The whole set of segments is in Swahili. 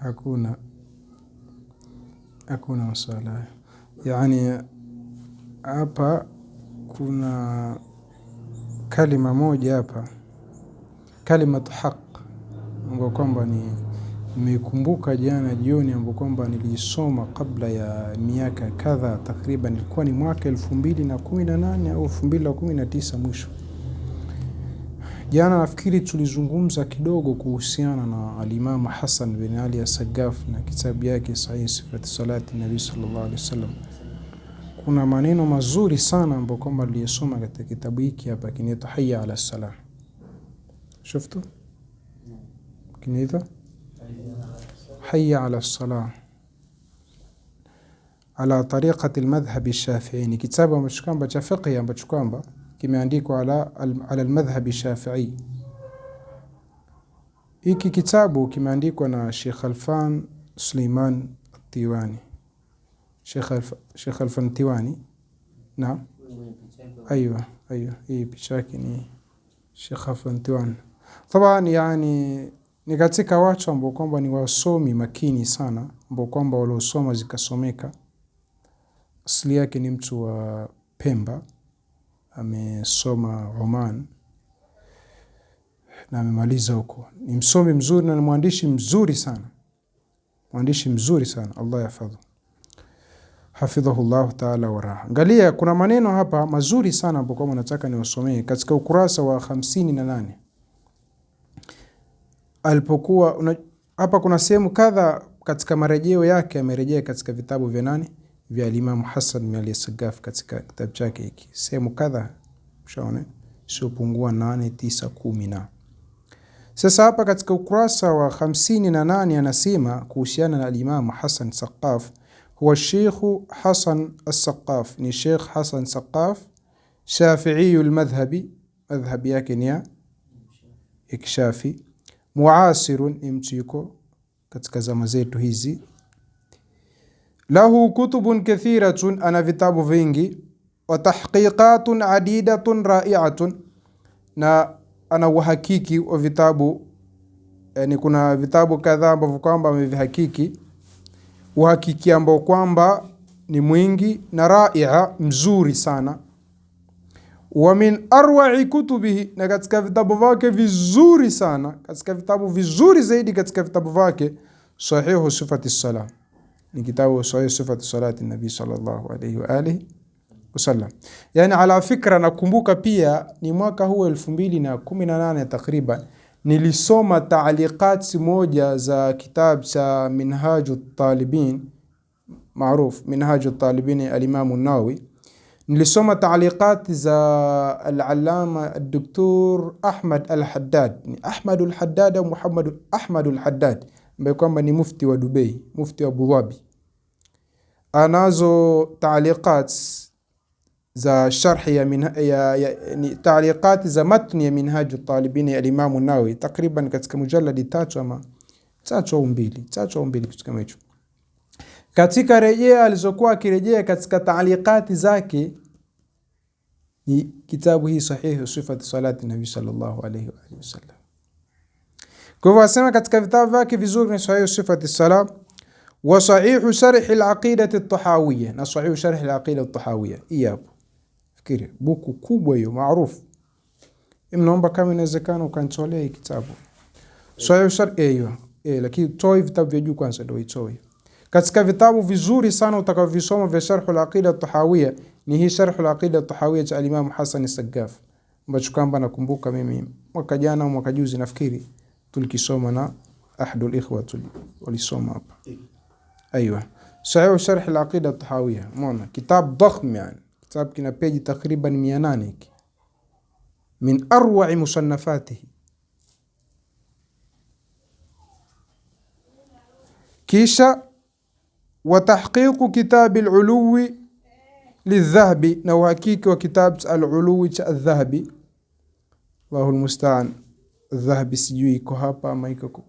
hakuna hakuna maswala hayo. Yaani hapa kuna kalima moja hapa, kalimatu haq, ambayo kwamba ni nimeikumbuka jana jioni, ambayo kwamba nilisoma kabla ya miaka kadhaa takriban, ilikuwa ni mwaka elfu mbili na kumi na nane au elfu mbili na kumi na tisa mwisho Jana nafikiri tulizungumza kidogo kuhusiana na alimamu Hassan bin Ali Asagaf na kitabu yake Sahihi Sifati Salati Nabi sallallahu alaihi wasallam. Kuna maneno mazuri sana ambayo kwamba niliyosoma katika kitabu hiki hapa kinaitwa Hayya ala Salah. shufto Kinaitwa Hayya ala Salah ala tariqati almadhhabi Shafi'i, ni kitabu ambacho kwamba cha fiqh ambacho kwamba kimeandikwa ala almadhhabi Shafii. Hiki kitabu kimeandikwa na Sheikh Alfan Suleiman Tiwani, Sheikh Alfan Tiwani. na aywa aywa, hii picha yake ni Sheikh Alfan Tiwani taban. Yani ni katika watu ambao kwamba ni wasomi makini sana, ambao kwamba waliosoma zikasomeka. Asili yake ni mtu wa Pemba amesoma Oman na amemaliza huko. Ni msomi mzuri na ni mwandishi mzuri sana, mwandishi mzuri sana, Allah yahfadhu, hafidhahu llahu taala waraha. Angalia, kuna maneno hapa mazuri sana ambapo kama nataka niwasomee katika ukurasa wa hamsini na nane alipokuwa hapa, kuna sehemu kadha katika marejeo yake amerejea katika vitabu vya nane vya Alimamu Hasan Maliasagafi katika kitabu chake hiki, sehemu kadha ushaona siopungua nane, tisa, kumi na sasa hapa katika ukurasa wa hamsini na nane anasema kuhusiana na Alimamu Hasan Saqaf, huwa Sheikhu Hasan Assaqaf, ni Sheikh Hasan Saqaf Shafiiyu lmadhhabi, madhhabi yake ni ya Ikshafi. Muasirun, ni mtu yuko katika zama zetu hizi lahu kutubun kathiratun, ana vitabu vingi, wa tahqiqatun adidatun raiatun, na ana uhakiki wa vitabu yani, e, kuna vitabu kadhaa ambavyo kwamba amevihakiki, uhakiki ambao kwamba ni mwingi na raia mzuri sana. Wa min arwa'i kutubihi, na katika vitabu vyake vizuri sana, katika vitabu vizuri zaidi katika vitabu vyake, sahihu sifati salah ni kitabu Sahih Sifati Salati nabi sallallahu alaihi wa alihi wasallam. Yani ala fikra, nakumbuka pia ni mwaka huu elfu mbili na kumi na nane takriban nilisoma taaliqat moja za kitabu cha Minhaju Talibin maruf Minhaju Talibin alimamu Nawawi. Nilisoma taaliqat za alalama Dr. Ahmad al-Haddad, ni Ahmad al-Haddad au Muhammad Ahmad al-Haddad ambaye kwamba ni mufti wa Dubai, mufti wa Abu Dhabi anazo taliqat za sharhi ya, minha, ya, ya ni, taaliqati za matni ya Minhaju Talibin ya Alimamu Nawawi takriban katika mujaladi tatu ama tatu au mbili tatu au mbili kitu kama hicho. Katika rejea alizokuwa akirejea katika taaliqati zake ni kitabu hii sahihi sifati salati nabii sallallahu alaihi wa alihi Kwa hivyo asema katika vitabu vyake vizuri ni sahihi sifati salat وصحيح شرح العقيدة الطحاوية نصحيح شرح العقيدة الطحاوية إياب فكر بوكو كوبايو معروف إمن أمبا كامينا زكان وكان تولي أي كتابه صحيح شرح أيوه إيه لكن توي في تاب فيديو كان سدوي توي كاتسكا في تابو في زوري سانو تاكا في سوما في شرح العقيدة الطحاوية نهي شرح العقيدة الطحاوية تاع الإمام حسن السقاف باش كان بانا كومبوكا ميمي وكا جانا وكا جوزي نفكيري تلكي سومنا أحد الإخوة تلي ولي سوما أبا أيوة شعر شرح العقيدة الطحاوية مونا كتاب ضخم يعني كتاب كنا بيجي تقريبا ميانانيك من أروع مصنفاته كيشا وتحقيق كتاب العلو للذهبي نواكيك وكتاب العلو الذهبي الله المستعان الذهبي سيويكو هابا مايكوكو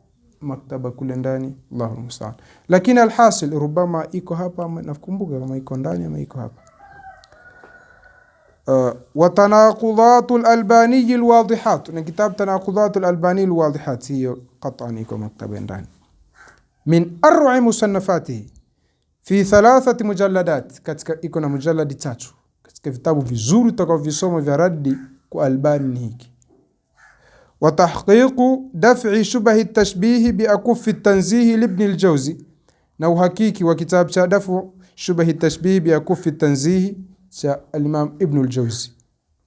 maktaba kule ndani, Allahu musta'an. Lakini alhasil rubama iko hapa, nakumbuka kama iko ndani ama iko hapa. Uh, wa tanaqudatul albani alwadihat na kitab tanaqudatul albani alwadihat, hiyo qat'an iko maktaba ndani. Min ar'i musannafatihi fi thalathati mujalladat, katika iko na mujalladi tatu katika vitabu vizuri utakavyovisoma vya raddi kwa Albani hiki وتحقيق دفع شبه التشبيه بأكف التنزيه لابن الجوزي نو هكيكي وكتاب دفع شبه التشبيه بأكف التنزيه الإمام ابن الجوزي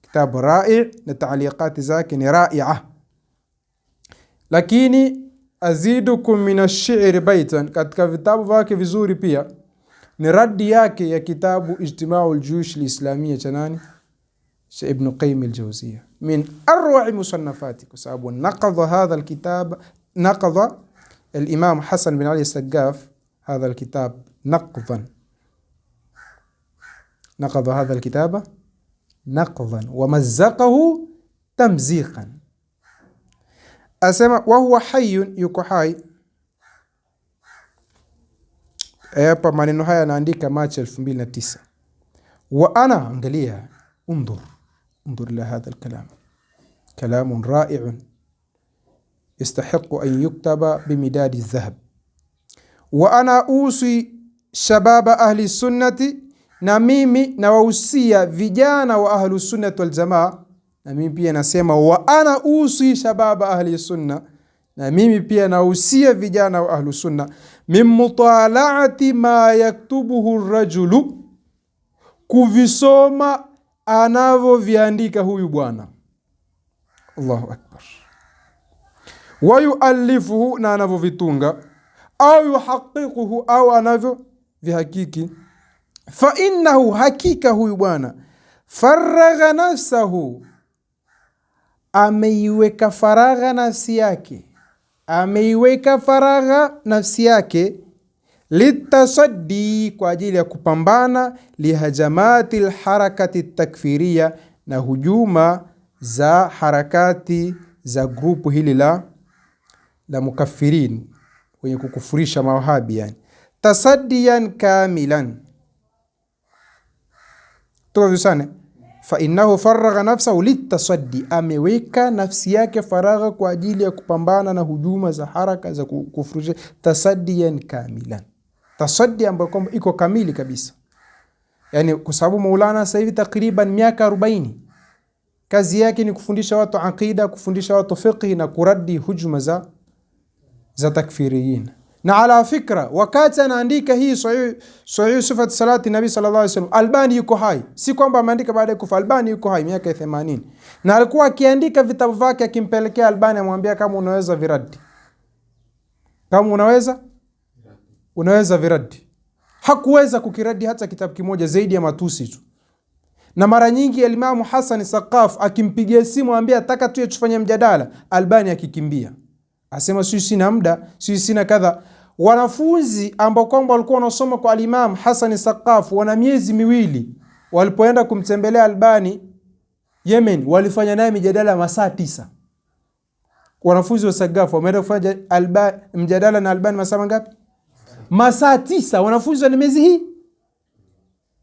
كتاب رائع لتعليقات ذاك رائعة لكني أزيدكم من الشعر بيتا كتك كتاب ذاك في زوري بيا نرد ياكي يا كتاب اجتماع الجيوش الإسلامية تناني ابن قيم الجوزية من أروع مصنفاته كتاب نقض هذا الكتاب نقض الإمام حسن بن علي السقاف هذا الكتاب نقضا نقض هذا الكتاب نقضا ومزقه تمزيقا أسمع وهو حي يko hai من النهاية haya ماتش Machi 2009 وأنا ana انظر انظر الى هذا الكلام كلام رائع يستحق ان يكتب بمداد الذهب وانا اوصي شباب اهل السنه نميمي نوصي فيجانا واهل السنه والجماعه نميمي بي نسيما وانا اوصي شباب اهل السنه نميمي بي نوصي فيجانا واهل السنه من مطالعه ما يكتبه الرجل كوفيسوما anavyoviandika huyu bwana. Allahu akbar. Wayualifuhu, na anavyovitunga au yuhaqiquhu, au anavyovihakiki. Fa innahu, hakika huyu bwana faragha nafsahu, ameiweka faragha nafsi yake, ameiweka faragha nafsi yake litasaddi, kwa ajili ya kupambana lihajamati lharakati takfiria, na hujuma za harakati za grupu hili la la mukafirin wenye kukufurisha mawahabi, yani tasaddiyan kamilan tukavisane fa innahu faragha nafsahu litasaddi, ameweka nafsi yake faragha kwa ajili ya kupambana na hujuma za haraka za kukufurisha. tasaddiyan kamilan tasaddi ambayo kwamba iko kamili kabisa, Yani kwa sababu Maulana sasa hivi takriban miaka 40 kazi yake ni kufundisha watu aqida, kufundisha watu fiqh na kuradi hujuma za, za takfiriyin. Na ala fikra, wakati anaandika hii sahihi sifat salati nabi sallallahu alaihi wasallam, Albani yuko hai, si kwamba ameandika baada ya kufa. Albani yuko hai miaka 80, na alikuwa akiandika vitabu vyake, akimpelekea Albani, amwambia kama unaweza viradi, kama unaweza unaweza viradi. Hakuweza kukiradi hata kitabu kimoja zaidi ya matusi tu, na mara nyingi Alimamu Hasani Sakaf akimpigia simu ambia ataka tuye tufanye mjadala, Albani akikimbia asema sisi sina mda, sisi sina kadha. Wanafunzi ambao kwamba walikuwa wanasoma kwa Alimamu Hasani Sakaf wana miezi miwili, walipoenda kumtembelea Albani Yemen, walifanya naye mijadala masaa tisa. Wanafunzi wa Saqaf wameenda kufanya mjadala na Albani masaa mangapi? masaa tisa, wanafunzi wana miezi hii.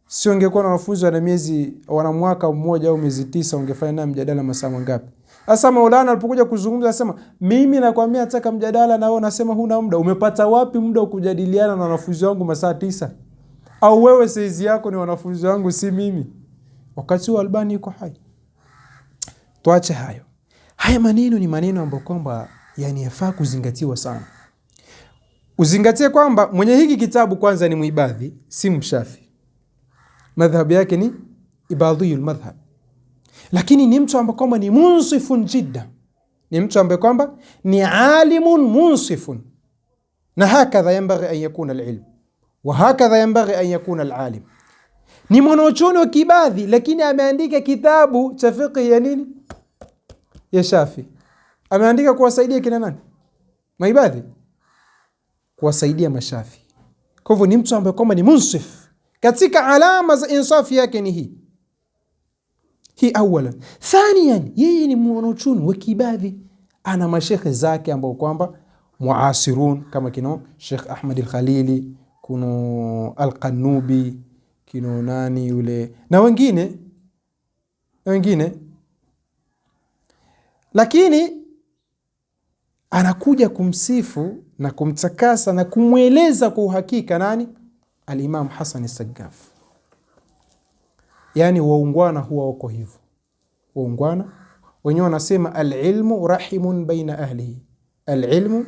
Sio ungekuwa na wanafunzi wana miezi wana mwaka mmoja au miezi tisa, ungefanya naye mjadala masaa mangapi? Sasa Maulana alipokuja kuzungumza asema, mimi nakwambia nataka mjadala na wewe unasema huna muda. Umepata wapi muda wa kujadiliana na wanafunzi wangu masaa tisa? Au wewe saizi yako ni wanafunzi wangu, si mimi, wakati huo Albani yuko hai. Tuache hayo. Haya maneno ni maneno ambayo kwamba yani yafaa kuzingatiwa sana. Uzingatie kwamba mwenye hiki kitabu kwanza ni muibadhi, si mshafi. Madhhabu yake ni ibadhiyul madhhab, lakini ni mtu ambaye kwamba ni munsifun jidda, ni mtu ambaye kwamba ni alimun munsifun, na hakadha yanbaghi an yakuna alilm wa hakadha yanbaghi an yakuna alalim. Ni mwanachuoni wa kibadhi, lakini ameandika kitabu cha fiqh ya nini? Ya Shafi. Ameandika kuwasaidia kina nani? Maibadhi kuwasaidia mashafi. Kwa hivyo ni mtu ambaye kwamba ni munsif, katika alama za insafi yake ni hii hii. awala thanian yeye ni mwanauchumi wa kibadhi, ana mashekhe zake ambao kwamba muasirun kama kino Sheikh Ahmad al-Khalili, kuno al-Qanubi, kino nani yule na wengine na wengine, lakini anakuja kumsifu na kumtakasa na kumweleza kwa uhakika nani? Alimamu Hasani Sagaf. Yani waungwana huwa wako hivyo, waungwana wenyewe wanasema alilmu rahimun baina ahlihi, alilmu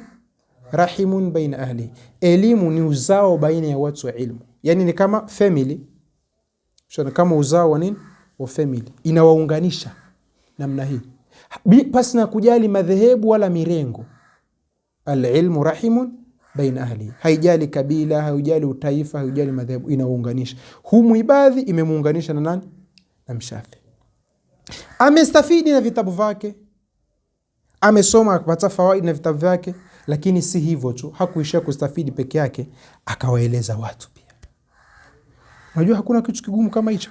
rahimun baina ahlihi, elimu ni uzao baina ya watu wa ilmu. Yani ni kama family, kama uzao wa nini wa family, inawaunganisha namna hii pasi na kujali madhehebu wala mirengo. Alilmu rahimun baina ahli, haijali kabila, haijali utaifa, haijali madhehebu, inaunganisha. Humu ibadhi imemuunganisha na nani? Na Mshafi. Amestafidi na vitabu vyake, amesoma akapata fawaidi na vitabu vyake, lakini si hivyo tu, hakuishia kustafidi peke yake, akawaeleza watu pia. Unajua hakuna kitu kigumu kama hicho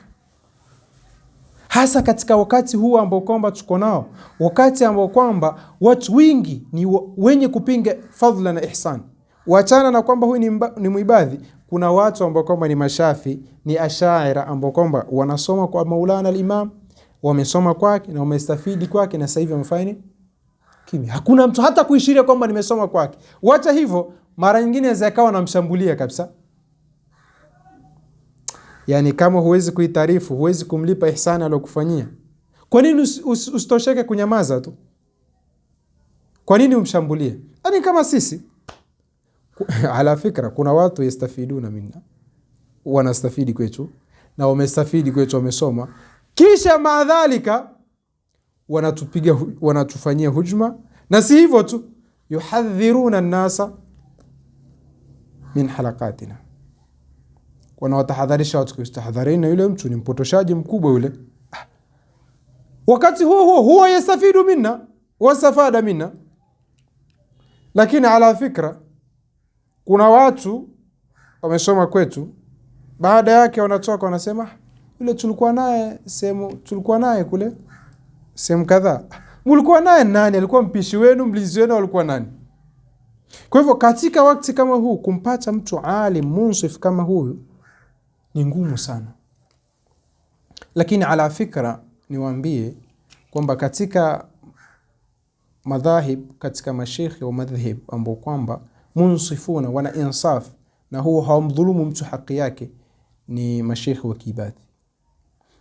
hasa katika wakati huu ambao kwamba tuko nao, wakati ambao kwamba watu wingi ni wenye kupinga fadhila na ihsan. Wachana na kwamba huyu ni, ni mwibadhi. Kuna watu ambao kwamba ni mashafi ni ashaira ambao kwamba wanasoma kwa Maulana alimam, wamesoma kwake na wamestafidi kwake, na sasa hivi wamefanya kimya. Hakuna mtu hata kuishiria kwamba nimesoma kwake. Wacha hivyo, mara nyingine zakawa namshambulia kabisa yani kama huwezi kuitarifu huwezi kumlipa ihsani aliyokufanyia, kwa nini usitosheke kunyamaza tu? Kwa nini umshambulie? Yaani kama sisi ala fikra, kuna watu yastafiduna minna, wanastafidi kwetu na wamestafidi kwetu, wamesoma, kisha maadhalika wanatupiga, wanatufanyia hujma. Na si hivyo tu, yuhadhiruna nnasa min halakatina wanawatahadharisha watu Kristo, tahadharini na yule mtu, ni mpotoshaji mkubwa yule. Ah. Wakati huo huo huwa yastafidu minna wastafada minna, lakini ala fikra, kuna watu wamesoma kwetu, baada yake wanatoka wanasema, ah, yule tulikuwa naye sehemu, tulikuwa naye kule sehemu kadhaa. Ah, mlikuwa naye nani? Alikuwa mpishi wenu, mlinzi wenu, alikuwa nani? Kwa hivyo katika wakati kama huu kumpata mtu alim munsif kama huyu ni ngumu sana, lakini ala fikra niwaambie kwamba katika madhahib, katika mashekhe wa madhhib ambao kwamba munsifuna wana insaf na huwa hawamdhulumu mtu haki yake ni mashekhe wa kiibadhi.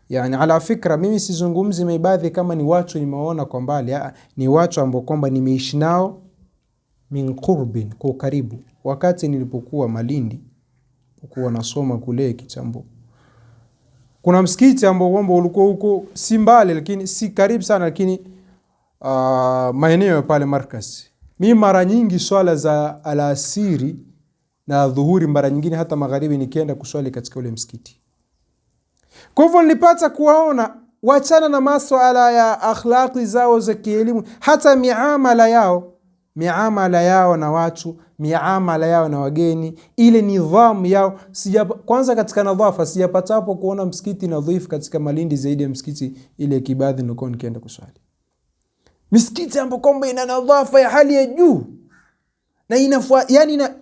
Yani ala fikra, mimi sizungumzi maibadhi kama ni watu nimewaona kwa mbali, ni watu ambao kwamba nimeishi nao min qurbin, kwa ukaribu. Wakati nilipokuwa Malindi nilipokuwa nasoma kule Kichambo. Kuna msikiti ambao kwamba ulikuwa huko si mbali, lakini si karibu sana, lakini uh, maeneo ya pale Markas. Mi mara nyingi swala za alasiri na dhuhuri, mara nyingine hata magharibi, nikienda kuswali katika ule msikiti. Kwa hivyo nilipata kuwaona, wachana na maswala ya akhlaqi zao za kielimu, hata miamala yao miamala yao na watu, miamala yao na wageni, ile nidhamu yao sija, kwanza katika nadhafa sijapatapo kuona msikiti nadhifu katika Malindi zaidi ya msikiti ile Kibadhi nilikuwa nikienda kuswali, misikiti ambayo kwamba ina nadhafa ya hali ya juu na inafua, yani na,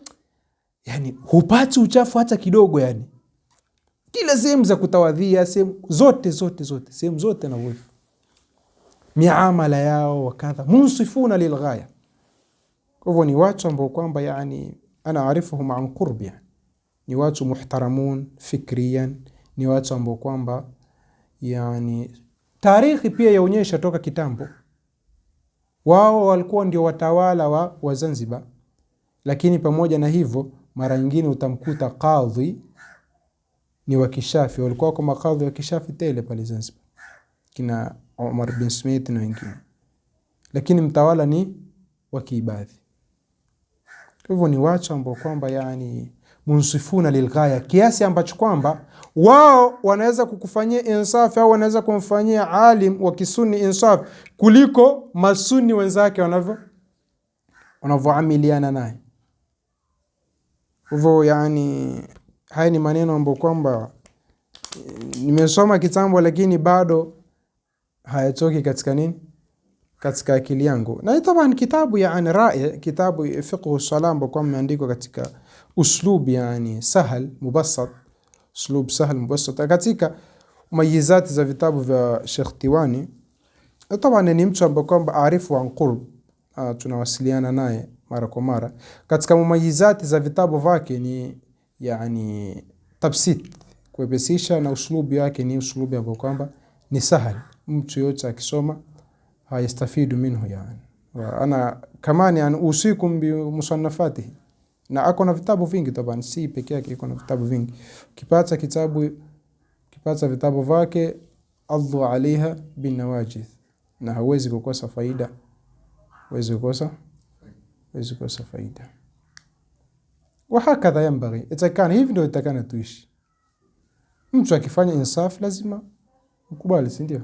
yani hupati uchafu hata kidogo, yani kila sehemu za kutawadhia, sehemu zote zote zote, sehemu zote na uwefu, miamala yao wakadha munsifuna lilghaya kwa hivyo ni watu ambao kwamba yani ana arifuhum an qurbi, yaani. ni watu muhtaramun fikrian, ni watu ambao kwamba yani tarikhi pia yaonyesha toka kitambo wao walikuwa ndio watawala wa, wa Zanzibar, lakini pamoja na hivyo mara nyingine utamkuta kadhi ni wakishafi, walikuwa kwa makadhi wakishafi tele pale Zanzibar, kina Omar bin Smith na wengine, lakini mtawala ni wa kiibadhi hivyo ni watu ambao kwamba yani munsifuna lilghaya, kiasi ambacho kwamba wao wanaweza kukufanyia insafi au wanaweza kumfanyia alim wa kisuni insafi kuliko masuni wenzake wanavyo wanavyoamiliana naye. Hivyo yani, haya ni maneno ambayo kwamba eh, nimesoma kitambo, lakini bado hayatoki katika nini katika akili yangu. Na taban kitabu yani rai, kitabu fiqhu sala ambao imeandikwa katika uslub yani sahal mubassat, uslub sahal mubassat katika mayizati za vitabu vya Sheikh Tiwani. Taban ni mtu ambaye kwamba arifu wa qurb, ah, tunawasiliana naye mara kwa mara. Katika mayizati za vitabu vyake ni yani tafsit kuepesisha, na uslubu yake ni uslubu ambao kwamba ni sahal, mtu yote akisoma yastafidu minhu yani. Ana kamani an usikum bi musannafatihi, na ako na vitabu vingi tabani, si peke yake, iko na vitabu vingi. Kipata kitabu, kipata vitabu vake adhu alaiha binawajidh, na hawezi kukosa faida, hawezi kukosa, hawezi kukosa faida. Wahakadha yambaghi, itakana hivi ndio itakana tuishi. Mtu akifanya insaf lazima mkubali si ndio?